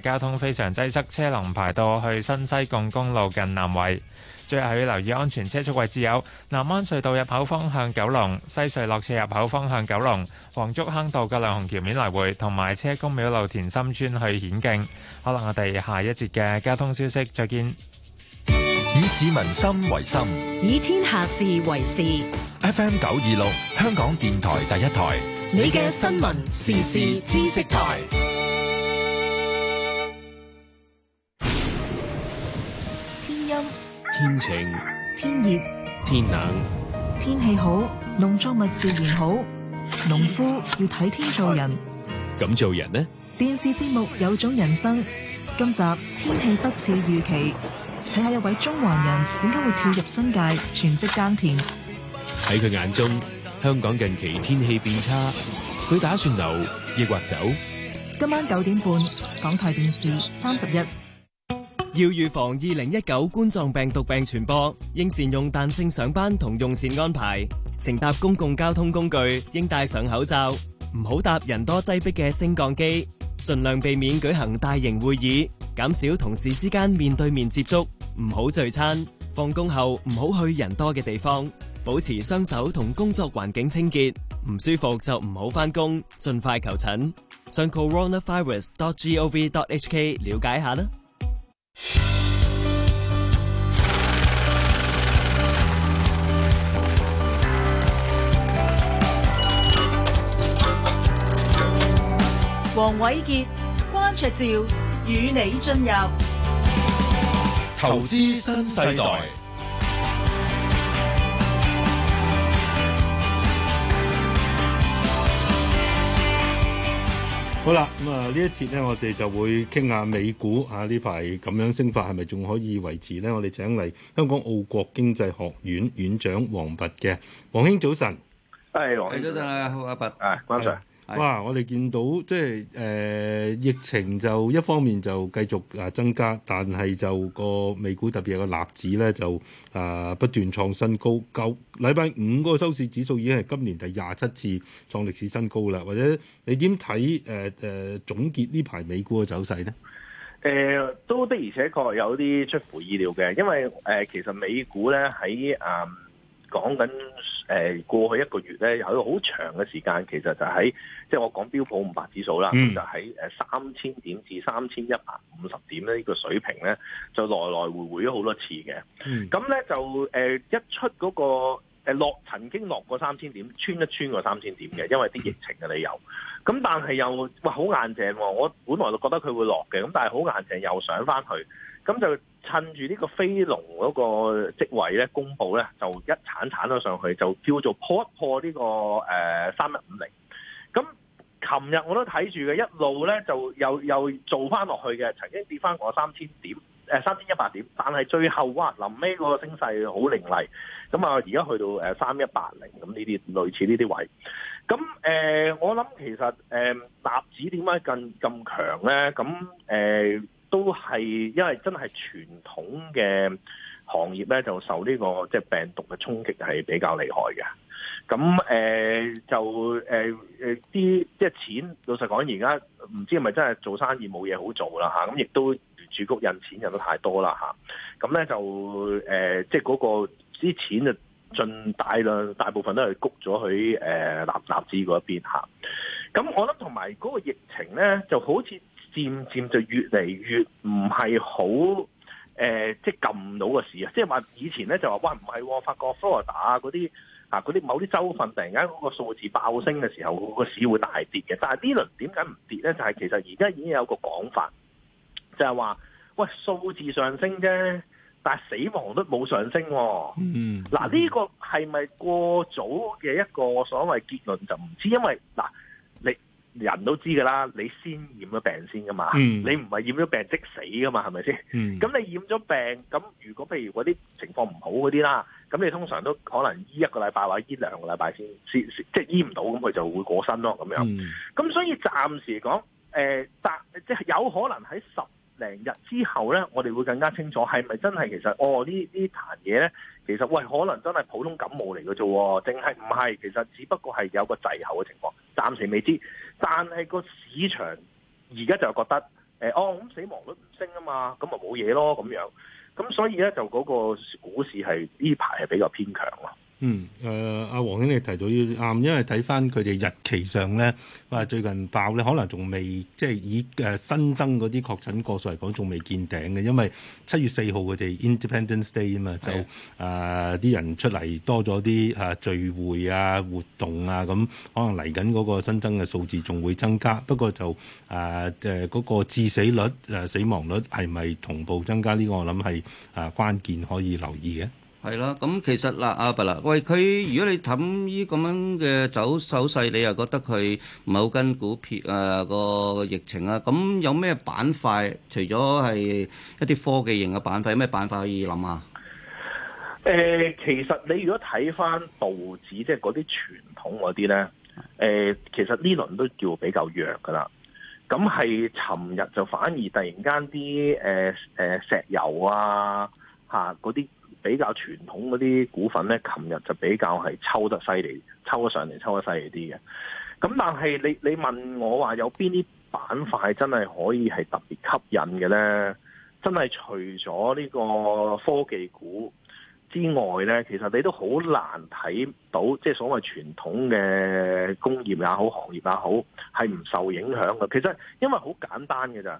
交通非常擠塞，車龍排到去新西貢公路近南圍。最後要留意安全車速位置，有南灣隧道入口方向九龍、西隧落斜入口方向九龍、黃竹坑道嘅兩紅橋面來回，同埋車公廟路田心村去顯徑。好啦，我哋下一節嘅交通消息再見。以市民心為心，以天下事為事。FM 九二六，香港電台第一台，你嘅新聞、時事、知識台。天晴，天熱熱，天冷，天氣好，農作物自然好，農夫要睇天做人。咁做人呢？電視節目有種人生。今集天氣不似預期，睇下有位中環人點解會跳入新界全職耕田。喺佢眼中，香港近期天氣變差，佢打算留抑或走？今晚九點半，港台電視三十一。要預防二零一九冠狀病毒病傳播，應善用彈性上班同用膳安排。乘搭公共交通工具應戴上口罩，唔好搭人多擠迫嘅升降機。盡量避免舉行大型會議，減少同事之間面對面接觸。唔好聚餐，放工後唔好去人多嘅地方，保持雙手同工作環境清潔。唔舒服就唔好返工，盡快求診。上 coronavirus.gov.hk 了解下啦。王偉傑、關卓照與你進入投資新世代。世代。好啦，咁啊呢一節呢，我哋就會傾下美股啊。呢排咁樣升法，係咪仲可以維持呢？我哋請嚟香港奧國經濟學院院長王弼嘅，王兄早晨。係，王兄早晨啊，阿弼，係、啊、關 Sir。哇！我哋見到即係、呃、疫情就一方面就繼續增加，但係就個美股特別係個納指咧就、呃、不斷創新高。舊禮拜五個收市指數已經係今年第廿七次創歷史新高啦。或者你點睇誒誒總結呢排美股嘅走勢呢？誒、呃、都的而且確有啲出乎意料嘅，因為、呃、其實美股咧喺講緊誒過去一個月咧，有一個好長嘅時間，其實就喺即係我講標普五百指數啦，嗯、就喺誒三千點至三千一百五十點咧呢個水平咧，就來來回回咗好多次嘅。咁咧、嗯、就誒、呃、一出嗰、那個。誒落曾經落過三千點，穿一穿過三千點嘅，因為啲疫情嘅理由。咁但係又話好硬淨喎、啊，我本來就覺得佢會落嘅，咁但係好硬淨又上翻去，咁就趁住呢個飛龍嗰個職位咧，公布咧就一鏟鏟咗上去，就叫做破一破呢、呢個誒三一五零。咁琴日我都睇住嘅一路咧，就又又做翻落去嘅，曾經跌翻過三千點。誒三千一百點，但係最後哇，臨尾個升勢好凌厲，咁啊而家去到三一八零咁呢啲類似呢啲位，咁誒、呃、我諗其實誒、呃、納指點解咁咁強咧？咁誒、呃、都係因為真係傳統嘅行業咧，就受呢、這個即係、就是、病毒嘅衝擊係比較厲害嘅。咁誒、呃、就誒啲即係錢，老實講而家唔知係咪真係做生意冇嘢好做啦嚇，咁亦都。主谷印錢印得太多啦嚇，咁咧就誒，即係嗰個啲錢就盡大量，大部分都係谷咗去誒、呃、納納斯嗰邊咁、啊、我諗同埋嗰個疫情咧，就好似漸漸就越嚟越唔係好誒，即係撳到個市、就是、就是啊！即係話以前咧就話哇唔係，發覺 Florida 啊嗰啲啊嗰啲某啲州份突然間嗰個數字爆升嘅時候，個市會大跌嘅。但係呢輪點解唔跌咧？就係、是、其實而家已經有個講法。就係話，喂，數字上升啫，但係死亡率冇上升喎、哦。嗯，嗱、啊，呢、呢個係咪過早嘅一個所謂結論就唔知，因為嗱、啊，你人都知㗎啦，你先染咗病先㗎嘛，嗯、你唔係染咗病即死㗎嘛，係咪先？嗯，咁你染咗病，咁如果譬如嗰啲情況唔好嗰啲啦，咁你通常都可能醫一個禮拜或者醫兩個禮拜先先即係醫唔到，咁佢就會過身咯咁樣咁、嗯、所以暫時講講、呃，即有可能喺十零日之後咧，我哋會更加清楚係咪真係其實哦呢呢壇嘢咧，其實喂可能真係普通感冒嚟嘅啫，定係唔係？其實只不過係有個滯後嘅情況，暫時未知。但係個市場而家就覺得，誒、欸、哦，咁死亡率唔升啊嘛，咁咪冇嘢咯咁樣。咁所以咧，就嗰個股市係呢排係比較偏強咯。嗯，誒阿王兄你提到啱，因為睇翻佢哋日期上咧，話最近爆咧，可能仲未即係以誒新增嗰啲確診個數嚟講，仲未見頂嘅，因為七月四號佢哋 Independence Day 啊嘛的，就誒啲、呃、人出嚟多咗啲誒聚會啊活動啊，咁可能嚟緊嗰個新增嘅數字仲會增加。不過就誒誒嗰個致死率誒、呃、死亡率係咪同步增加呢？呢個、我諗係誒關鍵可以留意嘅。係啦，咁其實嗱，阿伯嗱，喂佢如果你冚呢咁樣嘅走手勢，你又覺得佢唔係好跟股票啊、呃個疫情啊，咁有咩板塊？除咗係一啲科技型嘅板塊，有咩板塊可以諗啊？誒、呃，其實你如果睇翻道指，即係嗰啲傳統嗰啲咧，誒、呃，其實呢輪都叫比較弱㗎啦。咁係尋日就反而突然間啲誒誒石油啊吓嗰啲。啊嗰啲比較傳統嗰啲股份呢，琴日就比較係抽得犀利，抽得上嚟抽得犀利啲嘅。咁但係你你問我話有邊啲板塊真係可以係特別吸引嘅呢？真係除咗呢個科技股之外呢，其實你都好難睇到，即係所謂傳統嘅工業也好、行業也好，係唔受影響嘅。其實因為好簡單嘅咋，誒、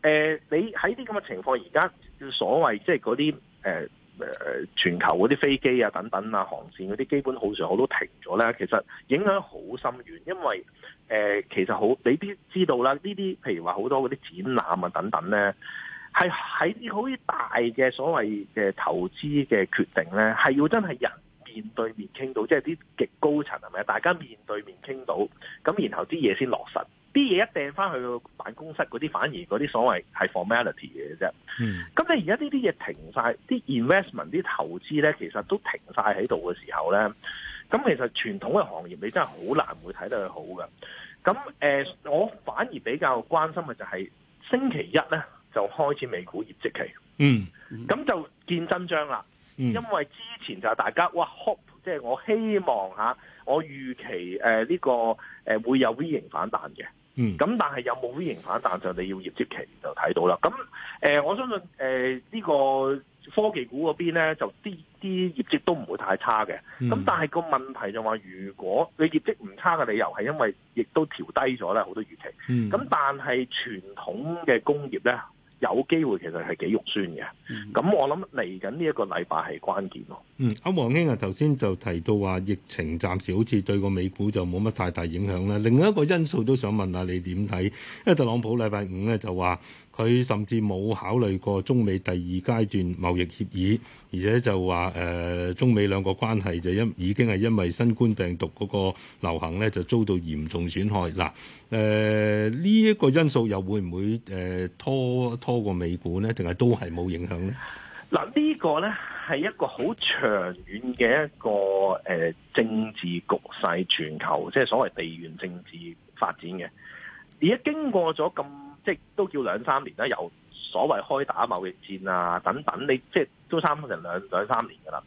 呃，你喺啲咁嘅情況現在，而家所謂即係嗰啲誒。就是誒全球嗰啲飛機啊、等等啊、航線嗰啲基本好上我都停咗咧，其實影響好深遠，因為誒、呃、其實好你都知道啦，呢啲譬如話好多嗰啲展覽啊等等咧，係喺啲好大嘅所謂嘅投資嘅決定咧，係要真係人面對面傾到，即係啲極高層係咪？大家面對面傾到，咁然後啲嘢先落實。啲嘢一掟翻去辦公室嗰啲，反而嗰啲所謂係 formality 嘅啫。咁、嗯、你而家呢啲嘢停晒，啲 investment 啲投資咧，其實都停晒喺度嘅時候咧，咁其實傳統嘅行業你真係好難會睇得佢好㗎。咁、呃、我反而比較關心嘅就係星期一咧，就開始美股業績期嗯。嗯，咁就見真章啦。嗯、因為之前就係大家哇，hope 即係我希望嚇、啊，我預期呢、呃呢個、呃、會有 V 型反彈嘅。咁、嗯、但係有冇 V 型反彈就你要業績期就睇到啦。咁、呃、我相信呢、呃這個科技股嗰邊咧，就啲啲業績都唔會太差嘅。咁、嗯、但係個問題就話、是，如果你業績唔差嘅理由係因為亦都調低咗咧好多預期。咁、嗯、但係傳統嘅工業咧，有機會其實係幾肉酸嘅。咁、嗯、我諗嚟緊呢一個禮拜係關鍵咯。嗯，阿王兄啊，頭先就提到話疫情暫時好似對個美股就冇乜太大影響咧。另外一個因素都想問下你點睇，因為特朗普禮拜五咧就話佢甚至冇考慮過中美第二階段貿易協議，而且就話誒、呃、中美兩個關係就因已經係因為新冠病毒嗰個流行咧就遭到嚴重損害。嗱誒呢一個因素又會唔會誒、呃、拖拖過美股呢？定係都係冇影響呢？嗱呢個咧？係一個好長遠嘅一個誒、呃、政治局勢，全球即係所謂地緣政治發展嘅。而家經過咗咁，即係都叫兩三年啦，有所謂開打貿易戰啊，等等，你即係都差唔多成兩兩三年噶啦。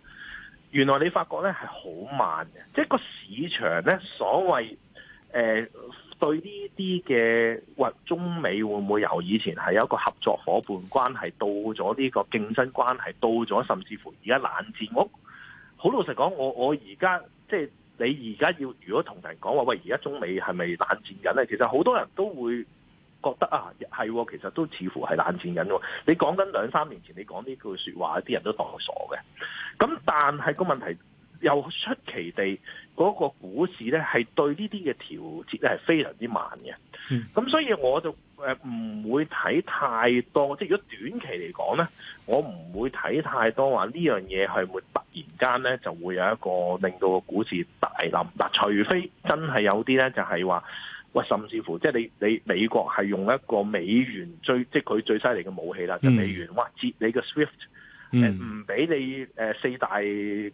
原來你發覺咧係好慢嘅，即係個市場咧，所謂誒。呃對呢啲嘅喂，中美會唔會由以前係有一個合作夥伴關係，到咗呢個競爭關係，到咗甚至乎而家冷戰我我？我好老實講，我我而家即係你而家要如果同人講話喂，而家中美係咪冷戰緊咧？其實好多人都會覺得啊，係，其實都似乎係冷戰緊。你講緊兩三年前，你講呢句説話，啲人都當傻嘅。咁但係個問題。又出奇地嗰、那個股市咧，係對呢啲嘅調節係非常之慢嘅。咁、嗯、所以我就誒唔會睇太多，即係如果短期嚟講咧，我唔會睇太多話呢樣嘢係會突然間咧就會有一個令到個股市大冧。嗱，除非真係有啲咧，就係話，哇甚至乎即係你你美國係用一個美元最即係佢最犀利嘅武器啦，就是、美元、嗯、哇截你嘅 Swift。誒，唔俾、嗯、你誒、呃，四大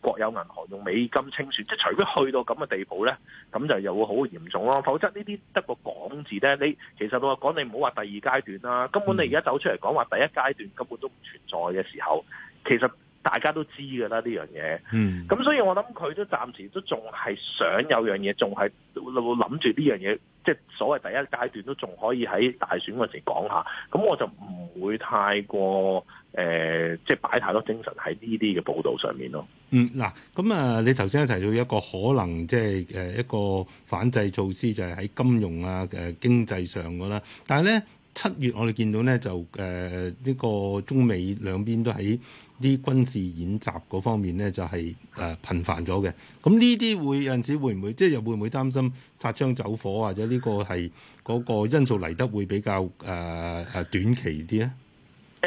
國有銀行用美金清算，即係除非去到咁嘅地步咧，咁就又會好嚴重咯。否則呢啲得個講字咧，你其實我講你唔好話第二階段啦、啊，根本你而家走出嚟講話第一階段根本都唔存在嘅時候，其實大家都知噶啦呢樣嘢。嗯，咁所以我諗佢都暫時都仲係想有樣嘢，仲係會諗住呢樣嘢。即係所謂第一階段都仲可以喺大選嗰時講下，咁我就唔會太過誒、呃，即係擺太多精神喺呢啲嘅報導上面咯。嗯，嗱，咁啊，你頭先提到一個可能，即係誒一個反制措施，就係喺金融啊、誒、啊、經濟上噶啦，但係咧。七月我哋見到咧就誒呢、呃這個中美兩邊都喺啲軍事演習嗰方面咧就係、是、誒、呃、頻繁咗嘅，咁呢啲會有陣時會唔會即係又會唔會擔心擦槍走火或者呢個係嗰個因素嚟得會比較誒、呃、短期啲咧？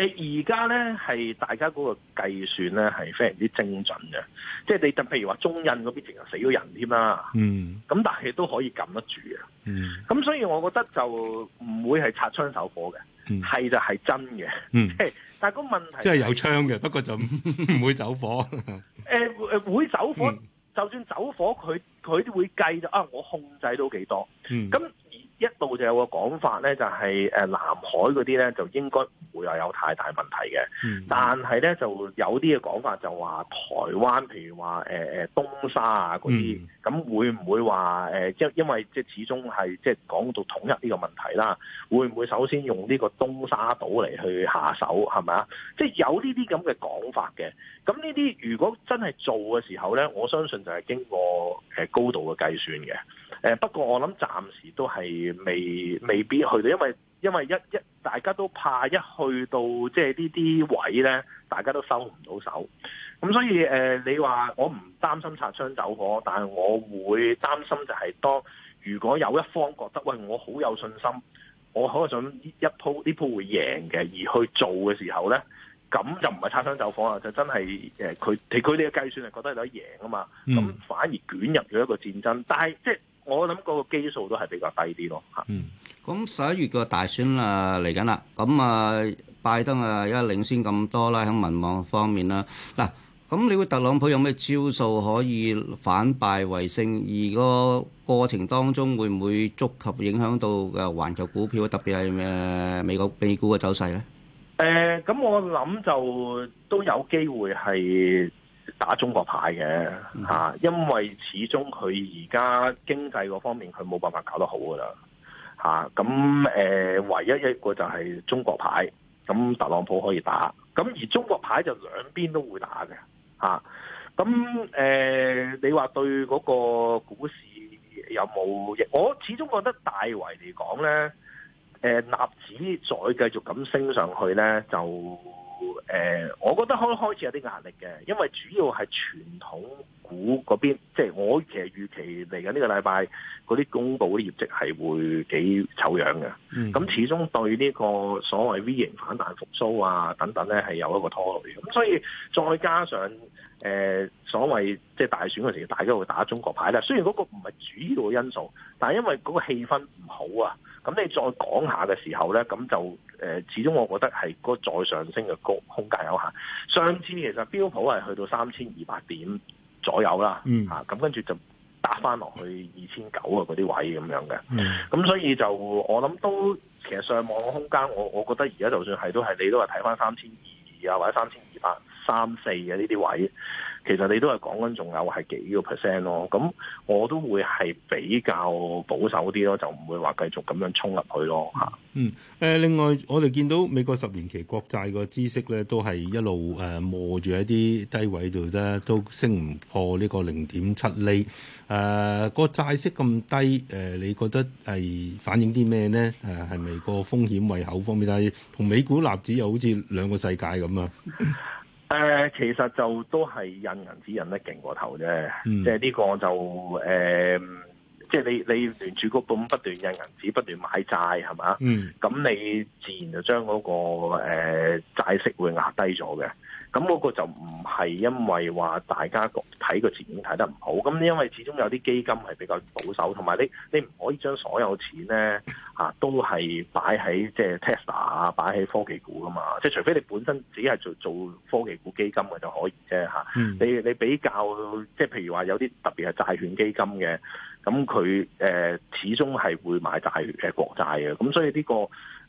而家咧係大家嗰個計算咧係非常之精準嘅，即係你就譬如話中印嗰邊成日死咗人添啦，嗯，咁但係都可以撳得住嘅，嗯，咁所以我覺得就唔會係擦槍走火嘅，嗯，係就係真嘅，嗯，但係個問題、就係、即係有槍嘅，不過就唔會走火，誒誒會走火，嗯、就算走火佢佢都會計就啊我控制到幾多，嗯，咁。一度就有個講法咧，就係南海嗰啲咧，就應該唔會話有太大問題嘅。嗯、但係咧，就有啲嘅講法就話台灣，譬如話誒東沙啊嗰啲，咁、嗯、會唔會話因因為即係始終係即係講到統一呢個問題啦，會唔會首先用呢個東沙島嚟去下手係咪啊？即係、就是、有呢啲咁嘅講法嘅。咁呢啲如果真係做嘅時候咧，我相信就係經過誒高度嘅計算嘅。誒，不過我諗暫時都係未未必去到，因為因為一一大家都怕一去到即係呢啲位咧，大家都收唔到手。咁所以誒、呃，你話我唔擔心擦槍走火，但係我會擔心就係當如果有一方覺得喂，我好有信心，我可能想一鋪呢鋪會贏嘅而去做嘅時候咧，咁就唔係擦槍走火啦，就真係誒佢佢哋嘅計算係覺得有得贏啊嘛。咁反而捲入咗一個戰爭，但係即係。我諗個基數都係比較低啲咯，吓。嗯。咁十一月個大選啊嚟緊啦，咁啊拜登啊而家領先咁多啦，喺民望方面啦。嗱，咁你會特朗普有咩招數可以反敗為勝？而個過程當中會唔會觸及影響到嘅環球股票，特別係誒美國美股嘅走勢咧？誒，咁我諗就都有機會係。打中國牌嘅嚇、啊，因為始終佢而家經濟嗰方面佢冇辦法搞得好噶啦嚇，咁、啊、誒、呃、唯一一個就係中國牌，咁特朗普可以打，咁而中國牌就兩邊都會打嘅嚇，咁、啊、誒、呃、你話對嗰個股市有冇？我始終覺得大圍嚟講呢誒、呃、納指再繼續咁升上去呢，就。誒、呃，我覺得開開始有啲壓力嘅，因為主要係傳統股嗰邊，即、就、係、是、我其實預期嚟緊呢個禮拜嗰啲公布啲業績係會幾醜樣嘅。咁、嗯、始終對呢個所謂 V 型反彈復甦啊等等咧，係有一個拖累的。咁所以再加上誒、呃，所謂即係大選嗰時候，大家會打中國牌啦。雖然嗰個唔係主要嘅因素，但係因為嗰個氣氛唔好啊。咁你再講下嘅時候咧，咁就誒、呃，始終我覺得係個再上升嘅高空間有限。上次其實標普係去到三千二百點左右啦，嚇咁、嗯啊、跟住就搭翻落去二千九啊嗰啲位咁樣嘅，咁、嗯、所以就我諗都其實上網嘅空間，我我覺得而家就算係都係你都係睇翻三千二二啊或者三千二百三四嘅呢啲位。其實你都係講緊仲有係幾個 percent 咯，咁我都會係比較保守啲咯，就唔會話繼續咁樣衝入去咯，吓。嗯，誒，另外我哋見到美國十年期國債個孳息咧，都係一路誒磨住喺啲低位度咧，都升唔破呢個零點七厘。誒，個債息咁低，誒，你覺得係反映啲咩咧？誒，係咪個風險胃口方面？但係同美股納指又好似兩個世界咁啊。誒、呃，其實就都係印銀紙印得勁過頭啫、嗯呃，即係呢個就誒，即係你你聯儲局不斷印銀紙，不斷買債係嘛，咁、嗯、你自然就將嗰、嗰個債、呃、債息會壓低咗嘅。咁嗰個就唔係因為話大家睇個前景睇得唔好，咁因為始終有啲基金係比較保守，同埋你你唔可以將所有錢咧嚇都係擺喺即係 Tesla 啊，擺喺、啊、科技股噶嘛，即係除非你本身自己係做做科技股基金嘅就可以啫、啊嗯、你你比較即係譬如話有啲特別係債券基金嘅。咁佢、呃、始終係會買大嘅國債嘅，咁所以呢、這個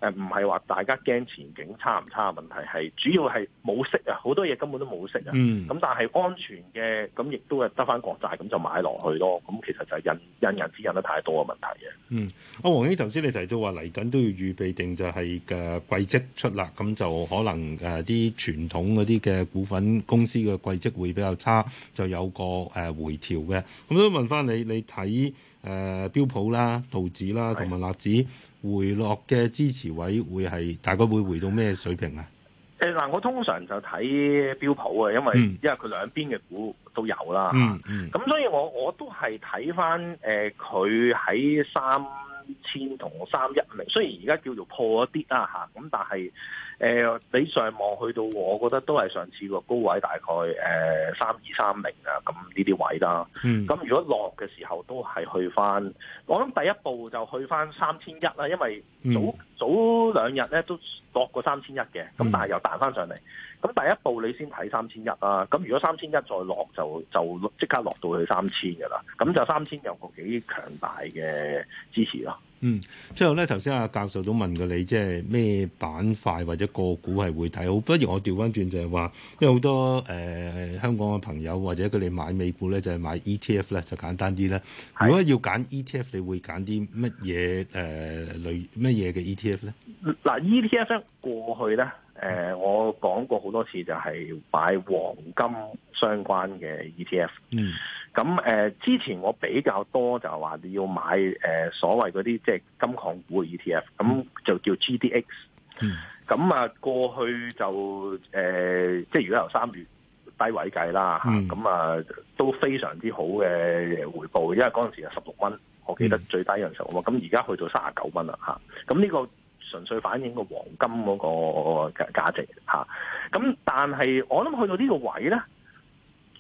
唔係話大家驚前景差唔差嘅問題，係主要係冇息啊，好多嘢根本都冇息啊。咁、嗯、但係安全嘅，咁亦都係得翻國債，咁就買落去咯。咁其實就係引印人指引得太多嘅問題嘅。嗯，阿、啊、王弼頭先你提到話嚟緊都要預備定就係、是、嘅、呃、季績出啦，咁就可能啲傳、呃、統嗰啲嘅股份公司嘅季績會比較差，就有個、呃、回調嘅。咁都問翻你，你睇？啲、呃、標普啦、道指啦同埋納指是回落嘅支持位會係大概會回到咩水平啊？誒嗱、呃，我通常就睇標普啊，因為因為佢兩邊嘅股都有啦，嗯咁，嗯、所以我我都係睇翻誒，佢、呃、喺三。千同三一零，雖然而家叫做破一啲啦嚇，咁但係誒、呃、你上望去到，我覺得都係上次個高位，大概誒三二三零啊，咁呢啲位啦。咁、嗯、如果落嘅時候都係去翻，我諗第一步就去翻三千一啦，因為早、嗯、早兩日咧都落過三千一嘅，咁但係又彈翻上嚟。咁、嗯、第一步你先睇三千一啦。咁如果三千一再落就就即刻落到去三千嘅啦。咁就三千有個幾強大嘅支持咯。嗯，最後咧，頭先阿教授都問過你，即係咩板塊或者個股係會睇好。不如我調翻轉，就係話，因為好多誒、呃、香港嘅朋友或者佢哋買美股咧，就係、是、買 ETF 咧，就簡單啲咧。的如果要揀 ETF，你會揀啲乜嘢誒類乜嘢嘅 ETF 咧？嗱，ETF 咧過去咧，誒、呃、我講過好多次，就係買黃金相關嘅 ETF。嗯。咁誒、呃、之前我比較多就係話你要買誒、呃、所謂嗰啲即係金礦股嘅 ETF，咁就叫 GDX。嗯。咁啊，過去就誒、呃，即係如果由三月低位計啦嚇咁、嗯、啊都非常之好嘅回報，因為嗰陣時係十六蚊，我記得最低嘅時候啊嘛。咁而家去到三十九蚊啦嚇，咁呢個純粹反映個黃金嗰個價值咁、啊、但係我諗去到呢個位咧？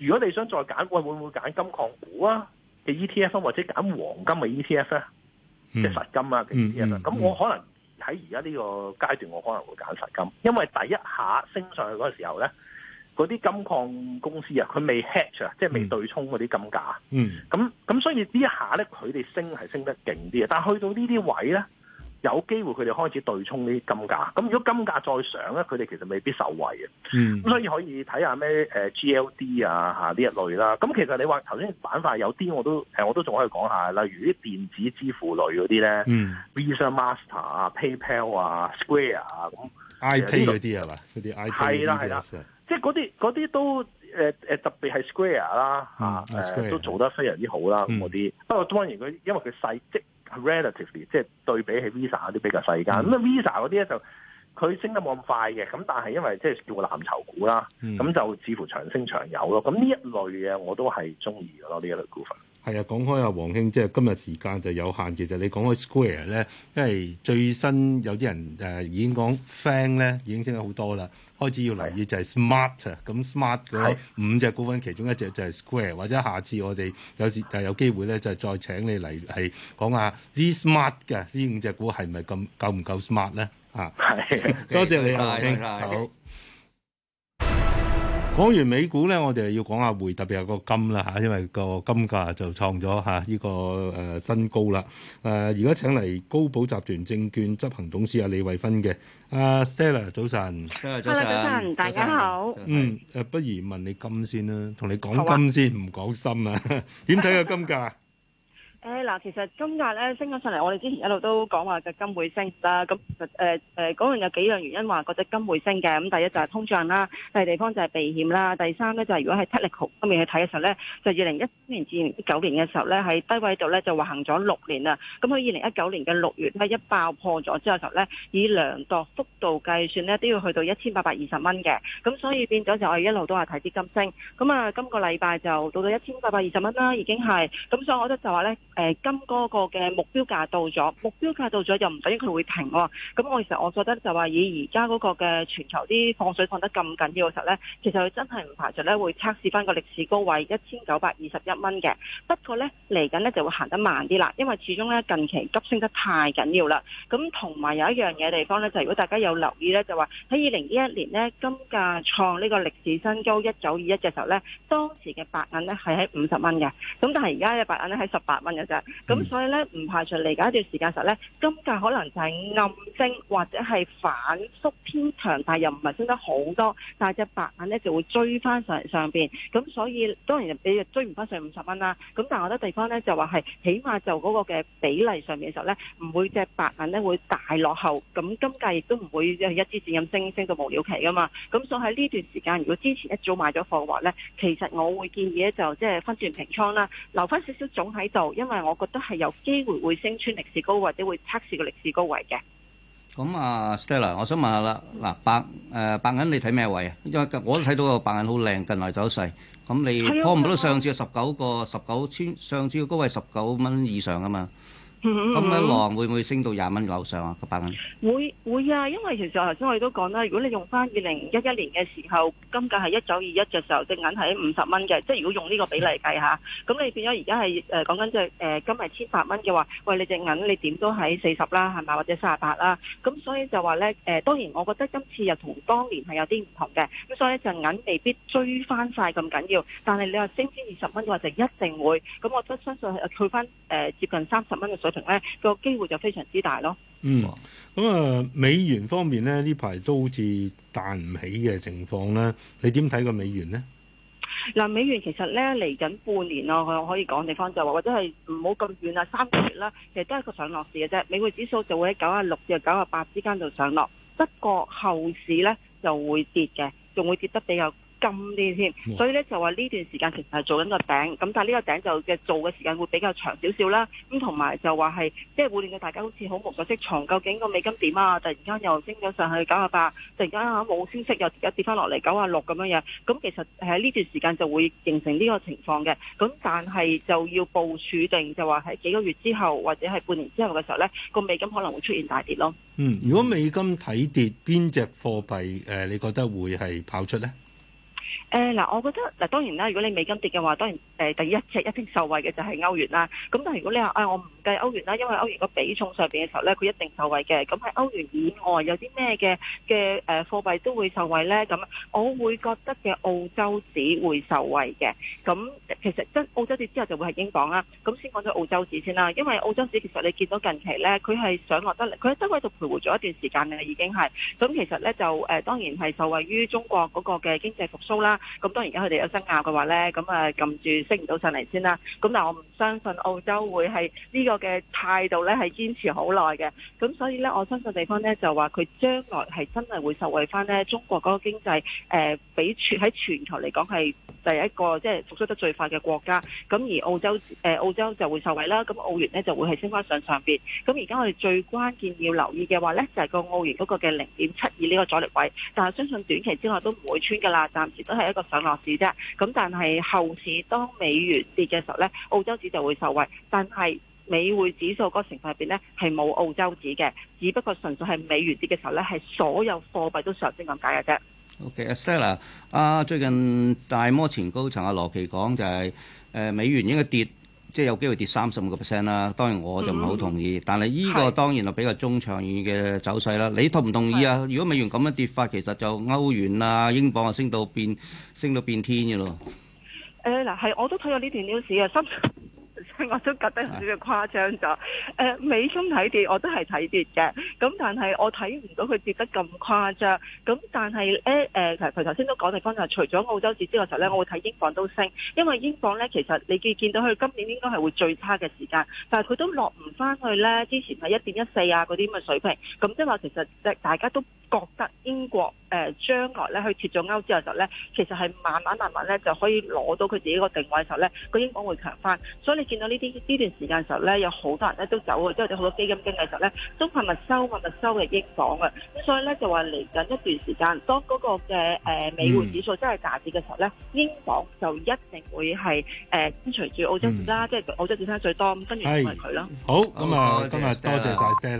如果你想再揀，喂，會唔會揀金礦股啊嘅 ETF，或者揀黃金嘅 ETF 咧，即係實金啊嘅 ETF 咁我可能喺而家呢個階段，我可能會揀實金，因為第一下升上去嗰時候咧，嗰啲金礦公司啊，佢未 hedge 啊，即係未對沖嗰啲金價。嗯。咁咁，所以這一呢一下咧，佢哋升係升得勁啲啊。但係去到這些呢啲位咧，有機會佢哋開始對沖呢啲金價，咁如果金價再上咧，佢哋其實未必受惠嘅。嗯，咁所以可以睇下咩誒 GLD 啊嚇呢一類啦。咁其實你話頭先板塊有啲我都誒，我都仲可以講下，例如啲電子支付類嗰啲咧，Visa Master 啊、PayPal 啊、Square 啊咁，I Pay 啲係嘛？嗰啲 I Pay 係啦係啦，即係嗰啲嗰啲都誒誒特別係 Square 啦嚇，誒都做得非常之好啦咁嗰啲。嗯、不過當然佢因為佢細即。relatively 即係對比起 Visa 嗰啲比較細間，咁 Visa 嗰啲咧就佢升得冇咁快嘅，咁但係因為即係叫藍籌股啦，咁就似乎長升長有咯，咁呢一類嘅我都係中意㗎咯，呢一類股份。係啊，講開啊，王兄，即係今日時間就有限，其實你講開 Square 咧，因為最新有啲人誒、呃、已經講 Fang 咧已經升咗好多啦，開始要留意就係 Smart 咁 Smart 嗰五隻股份其中一隻就係 Square，或者下次我哋有時就有機會咧就再請你嚟係講下呢 Smart 嘅呢五隻股係咪咁夠唔夠 Smart 咧？啊，的 多謝你啊，王兄。好。講完美股咧，我哋要講下匯，特別係個金啦吓，因為個金價就創咗吓呢個誒新高啦。誒，而家請嚟高寶集團證券執行董事阿李慧芬嘅，阿 Stella 早晨。早晨，大家好。嗯，誒，不如問你金先啦，同你講金先，唔講心啊？點睇個金價？ 誒嗱，其實今日咧升咗上嚟，我哋之前一路都講話嘅金會升啦。咁其實誒誒，嗰、呃、樣有幾樣原因話嗰隻金會升嘅。咁第一就係通脹啦，第二地方就係避險啦，第三咧就係如果喺 technical 方面去睇嘅時候咧，就二零一三年至一九年嘅時候咧，喺低位度咧就橫行咗六年啦。咁佢二零一九年嘅六月咧一爆破咗之後咧，以量度幅度計算咧都要去到一千八百二十蚊嘅。咁所以變咗就我一路都係睇啲金升。咁啊，今個禮拜就到到一千八百二十蚊啦，已經係。咁所以我覺得就話咧。誒，金嗰個嘅目標價到咗，目標價到咗又唔等於佢會停喎、啊。咁我其實我覺得就話以而家嗰個嘅全球啲放水放得咁緊要嘅時候咧，其實佢真係唔排除咧會測試翻個歷史高位一千九百二十一蚊嘅。不過咧嚟緊咧就會行得慢啲啦，因為始終咧近期急升得太緊要啦。咁同埋有一樣嘢地方咧，就係、如果大家有留意咧，就話喺二零一一年呢，金價創呢個歷史新高一九二一嘅時候咧，當時嘅白銀咧係喺五十蚊嘅。咁但係而家嘅白銀咧喺十八蚊。咁、嗯、所以咧唔排除嚟緊一段時間時候咧，金價可能就係暗升或者係反縮偏強，但又唔係升得好多，但係隻白銀咧就會追翻上上邊，咁所以當然你追唔翻上五十蚊啦，咁但係我覺得地方咧就話係起碼就嗰個嘅比例上面嘅時候咧，唔會隻白銀咧會大落後，咁金價亦都唔會一支線咁升升到無了期噶嘛，咁所以喺呢段時間，如果之前一早買咗貨嘅話咧，其實我會建議咧就即係分轉平倉啦，留翻少少總喺度，因為因為我覺得係有機會會升穿歷史高位，或者會測試個歷史高位嘅。咁啊，Stella，我想問下啦，嗱，白、呃、白銀你睇咩位啊？因為我都睇到個白銀好靚，近來走勢，咁你破唔、啊啊、到上次嘅十九個十九千，19, 上次嘅高位十九蚊以上啊嘛。咁嘅浪會唔會升到廿蚊嘅樓上啊？個百蚊會會啊，因為其實頭先我哋都講啦，如果你用翻二零一一年嘅時候，金價係一九二一嘅時候，隻銀係五十蚊嘅，即係如果用呢個比例計下，咁你變咗而家係誒講緊即係誒金係千八蚊嘅話，喂你隻銀你點都喺四十啦，係咪？或者卅八啦，咁所以就話咧，誒當然我覺得今次又同當年係有啲唔同嘅，咁所以隻銀未必追翻晒咁緊要，但係你話升至二十蚊嘅話就一定會，咁我都相信係去翻誒接近三十蚊嘅水。咧個機會就非常之大咯。嗯，咁啊美元方面呢，呢排都好似彈唔起嘅情況啦。你點睇個美元呢？嗱、嗯啊，美元其實呢，嚟緊半年咯，佢可以講地方就話，或者係唔好咁遠啊，三個月啦，其實都係個上落市嘅啫。美元指數就會喺九啊六至九啊八之間度上落，不過後市呢就會跌嘅，仲會跌得比較咁啲添，所以咧就話呢段時間其實係做緊個頂，咁但係呢個頂就嘅做嘅時間會比較長少少啦。咁同埋就話係即係會令到大家好似好無所適從，究竟個美金點啊？突然間又升咗上去九啊八，突然間啊，冇消息又跌翻落嚟九啊六咁樣樣。咁其實喺呢段時間就會形成呢個情況嘅。咁但係就要部署定就話係幾個月之後或者係半年之後嘅時候咧，個美金可能會出現大跌咯。嗯，如果美金睇跌，邊隻貨幣誒？你覺得會係跑出咧？誒嗱，我覺得嗱，當然啦。如果你美金跌嘅話，當然誒第一隻一定受惠嘅就係歐元啦。咁但係如果你話誒我唔計歐元啦，因為歐元個比重上邊嘅時候咧，佢一定受惠嘅。咁喺歐元以外有啲咩嘅嘅誒貨幣都會受惠咧？咁我會覺得嘅澳洲紙會受惠嘅。咁其實真澳洲跌之後就會係英鎊啦。咁先講咗澳洲紙先啦，因為澳洲紙其實你見到近期咧，佢係上落得嚟，佢喺低位度徘徊咗一段時間嘅已經係。咁其實咧就誒當然係受惠於中國嗰個嘅經濟復甦啦。咁當然而家佢哋有生鴨嘅話咧，咁啊撳住升唔到上嚟先啦。咁但係我唔。相信澳洲會係呢個嘅態度咧，係堅持好耐嘅。咁所以咧，我相信地方咧就話佢將來係真係會受惠翻咧中國嗰個經濟。誒、呃，比全喺全球嚟講係第一個即係、就是、復甦得最快嘅國家。咁而澳洲、呃、澳洲就會受惠啦。咁澳元咧就會係升翻上上邊。咁而家我哋最關鍵要留意嘅話咧，就係、是、個澳元嗰個嘅零點七二呢個阻力位。但係相信短期之內都唔會穿㗎啦。暫時都係一個上落市啫。咁但係後市當美元跌嘅時候咧，澳洲就會受惠，但係美匯指數嗰成分入邊咧係冇澳洲紙嘅，只不過純粹係美元跌嘅時候咧，係所有貨幣都上升咁解嘅啫。O K，Stella 啊，最近大摩前高層阿、啊、羅奇講就係、是、誒、呃、美元應該跌，即、就、係、是、有機會跌三十五個 percent 啦。當然我就唔好、嗯、同意，但係呢個當然係比較中長遠嘅走勢啦。的你同唔同意啊？的如果美元咁樣跌法，其實就歐元啊、英鎊啊升到變升到變天嘅咯。誒嗱、呃，係我都睇過呢段 news 啊，新。 我都覺得少少誇張咗。誒、呃，美中睇跌，我都係睇跌嘅。咁、嗯、但係我睇唔到佢跌得咁誇張，咁、嗯、但係誒誒，其實頭頭先都講地方嘅，除咗澳洲跌之外時候咧，我會睇英鎊都升，因為英鎊咧其實你見見到佢今年應該係會最差嘅時間，但係佢都落唔翻去咧之前係一點一四啊嗰啲咁嘅水平，咁即係話其實即係大家都覺得英國誒、呃、將來咧去脱咗歐之後就咧，其實係慢慢慢慢咧就可以攞到佢自己個定位嘅時候咧，個英鎊會強翻，所以你見到呢啲呢段時間時候咧，有好多人咧都走即之後有好多基金經理實咧都係咪收？我咪收嘅英鎊啊，咁所以咧就話嚟緊一段時間，當嗰個嘅誒美匯指數真係下跌嘅時候咧，英鎊就一定會係誒跟隨住澳洲啦，嗯、即係澳洲跌翻最多，咁跟住就係佢啦。好，咁啊，今日多謝晒。